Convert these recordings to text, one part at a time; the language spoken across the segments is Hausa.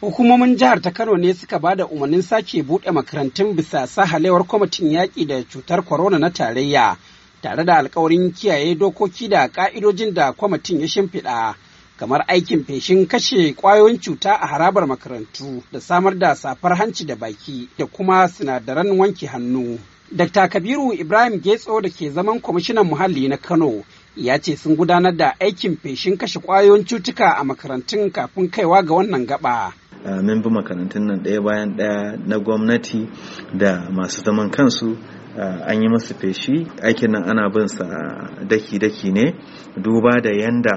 Hukumomin jihar ta Kano ne suka ba da umarnin sake buɗe makarantun bisa sahalewar kwamitin yaƙi da cutar korona na tarayya tare da alkawarin kiyaye dokoki da ƙa'idojin da kwamitin ya shimfiɗa kamar aikin feshin kashe ƙwayoyin cuta a harabar makarantu da samar da safar hanci da baki da kuma sinadaran wanke hannu. Dr. Kabiru Ibrahim Getso da ke zaman kwamishinan muhalli na Kano ya ce sun gudanar da aikin feshin kashe ƙwayoyin cutuka a makarantun kafin kaiwa ga wannan gaba. mun bi makarantun nan ɗaya bayan ɗaya na gwamnati da masu zaman kansu an yi masu feshi aikin nan ana bin sa daki-daki ne duba da yanda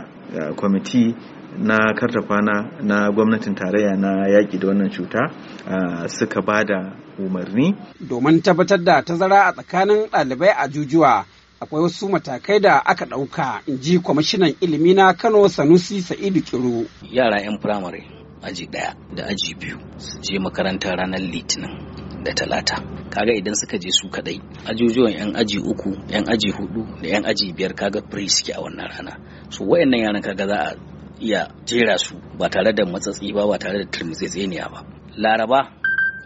kwamiti na kartafana na gwamnatin tarayya na yaƙi da wannan cuta suka ba da umarni. Domin tabbatar da tazara a tsakanin ɗalibai a jujuwa akwai wasu matakai da aka ɗauka in ji kwamishinan ilimi na Kano Sanusi Sa'idu kiro Yara 'yan firamare aji ɗaya da aji biyu su je makaranta ranar litinin da talata kaga idan suka je su kadai ajujuwan yan aji uku yan aji hudu da yan aji biyar kaga free suke a wannan rana so wayannan yaran kaga za a iya jera su ba tare da matsatsi ba ba tare da tseniya ba laraba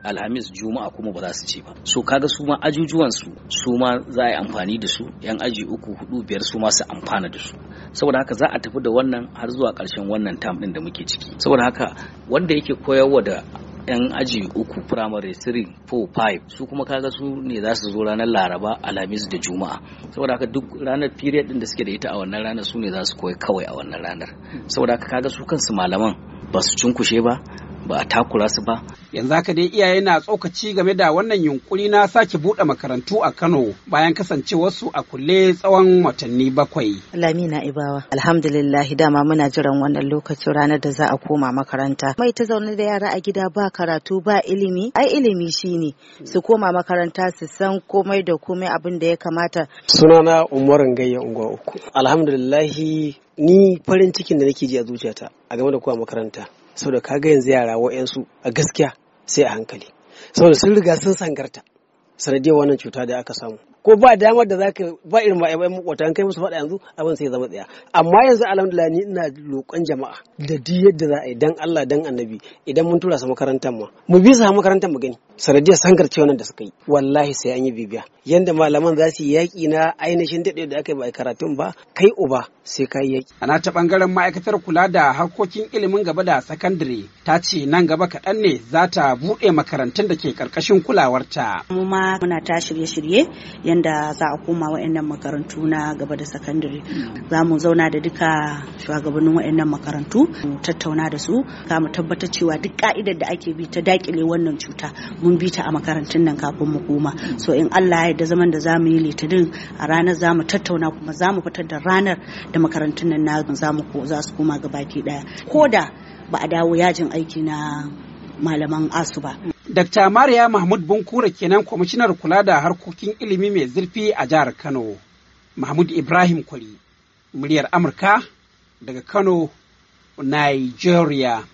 alhamis juma'a kuma ba za su ce ba so kaga su ma ajujuwan su su ma za a yi amfani da su yan aji uku hudu biyar su ma su amfana da su saboda haka za a tafi da wannan har zuwa ƙarshen wannan tam ɗin da muke ciki saboda haka wanda yake koyarwa da 'yan aji uku primary 3 4 5 su kuma kaga su ne za su zo ranar laraba alhamis da juma'a saboda haka duk ranar period din da suke da ita a wannan ranar su ne za su koyi kawai a wannan ranar saboda haka kaga su kansu malaman ba su cunkushe ba ba a takura su ba. Yanzu haka dai iyaye na tsokaci game da wannan yunkuri na sake buɗe makarantu a Kano bayan kasancewarsu a kulle tsawon watanni bakwai. Lamina Ibawa, alhamdulillah dama muna jiran wannan lokacin ranar da za a koma makaranta. Mai ta zaune da yara a gida ba karatu ba ilimi, ai ilimi shine su koma makaranta su san komai da komai abin da ya kamata. Sunana Umarin Gayya Unguwa Uku. Alhamdulillahi ni farin cikin da nake ji a zuciyata a game da kowa makaranta. saboda kaga yanzu yara wa'yansu a gaskiya sai a hankali saboda sun riga sun sangarta sanadiyar wannan cuta da aka samu ko ba damar da za ka ba irin ma'aibai makwatan kai musu faɗa yanzu abin sai zama tsaya amma yanzu alhamdulillah ni ina roƙon jama'a da duk yadda za a yi dan Allah dan annabi idan mun tura su makarantar mu mu bi su a makarantar mu gani sanadiyar sankar ce wannan da suka yi wallahi sai an yi bibiya yanda malaman za su yi yaƙi na ainihin daɗe da aka yi ba karatun ba kai uba sai ka yi yaƙi. ana ta ɓangaren ma'aikatar kula da harkokin ilimin gaba da sakandare ta ce nan gaba kaɗan ne za ta buɗe makarantun da ke ƙarƙashin kulawarta. mu ma muna ta shirye-shirye ran da za a koma wa'annan makarantu na gaba da sakandare za mu zauna da duka shugabannin wa'annan makarantu mu tattauna da su ka mu tabbatar cewa duk ka'idar da ake bi ta dakile wannan cuta mun bi ta a makarantun nan kafin mu koma so in Allah ya yarda zaman da za mu yi litinin a ranar zamu tattauna kuma zamu fitar da ranar da makarantun nan na zamu ko za su koma gabaki daya koda ba a dawo yajin aiki na malaman asu ba Dr. Mariya Mahmud Bunkura kenan kwamishinar kula da harkokin ilimi mai zurfi a jihar Kano. Mahmud Ibrahim Kwari, muryar Amurka daga Kano, Nigeria.